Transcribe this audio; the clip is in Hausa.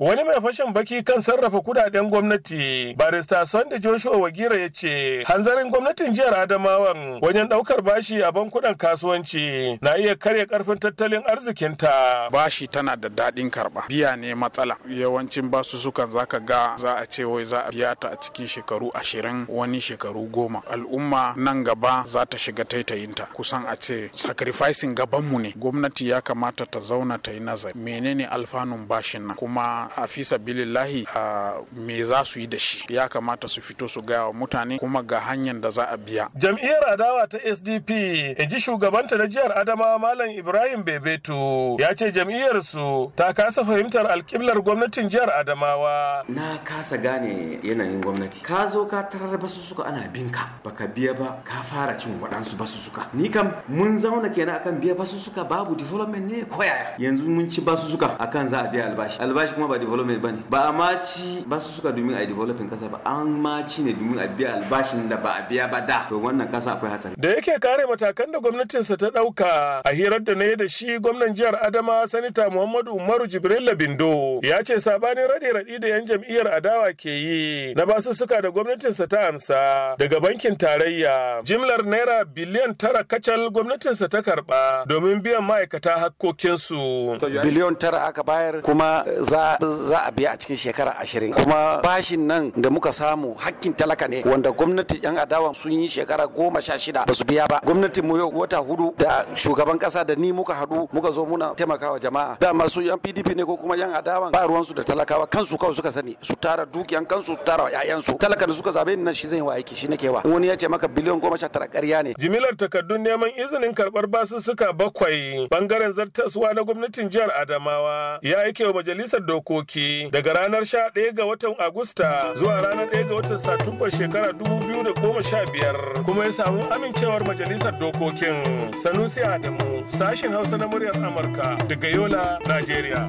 Wani mai fashin baki kan sarrafa kudaden gwamnati, barista Sunday Joshua Wagira ya ce, hanzarin gwamnatin jihar Adamawan wajen daukar bashi a bankunan kasuwanci na iya karya karfin tattalin arzikinta. Bashi tana da daɗin karɓa, biya ne matsala. Yawancin basu sukan zaka ga za a ce wai za a biya ta a cikin shekaru ashirin wani shekaru goma. Al'umma nan gaba za ta shiga taitayinta. Kusan a ce sacrificing gabanmu ne. Gwamnati ya kamata ta zauna ta yi nazari. Menene alfanun bashin nan? Kuma na afisa bilillahi me za su yi da shi ya kamata su fito su gaya wa mutane kuma ga hanyar da za a biya jam'iyyar adawa ta sdp in ji shugabanta na jihar adama malam ibrahim bebeto ya ce jam'iyyar su ta kasa fahimtar alkiblar gwamnatin jihar adamawa na kasa gane yanayin gwamnati ka zo ka tarar basu suka ana binka baka biya ba ka fara cin waɗansu basu suka ni kam mun zauna kenan akan biya basu suka babu development ne koyaya yanzu mun ci basu suka akan za a biya albashi albashi kuma ba ba development bane ba a maci ba su suka domin a developing kasa ba an maci ne domin a biya albashin da ba a biya ba da to wannan kasa akwai hatsari da yake kare matakan da gwamnatinsa ta dauka a hirar da ne da shi gwamnan jihar Adama sanita Muhammadu Umaru jibril Labindo, ya ce sabanin rade radi da yan jam'iyyar adawa ke yi na basu suka da gwamnatinsa ta amsa daga bankin tarayya jimlar naira biliyan tara kacal gwamnatinsa ta karba domin biyan ma'aikata hakkokinsu biliyon tara aka bayar kuma za za a biya a cikin shekara ashirin kuma bashin nan da muka samu hakkin talaka ne wanda gwamnati yan adawa sun yi shekara goma sha shida ba su biya ba gwamnatin mu yau wata hudu da shugaban kasa da ni muka hadu muka zo muna taimakawa jama'a da masu yan pdp ne ko kuma yan adawa ba ruwansu da talakawa kansu kawai suka sani su tara dukiyan kansu su tara ƴaƴansu talaka da suka zabe ni nan shi zai wa aiki shi nake wa wani ya ce maka biliyan goma sha tara ƙarya ne jimilar takardun neman izinin karɓar basussuka bakwai bangaren zartaswa na gwamnatin jihar adamawa ya aike wa majalisar dokoki dokoki daga ranar 11 ga watan Agusta zuwa ranar 1 ga watan Satumbar shekara 2015 kuma ya samu amincewar majalisar dokokin. Sanusi Adamu sashin Hausa na muryar Amurka daga Yola, Najeriya.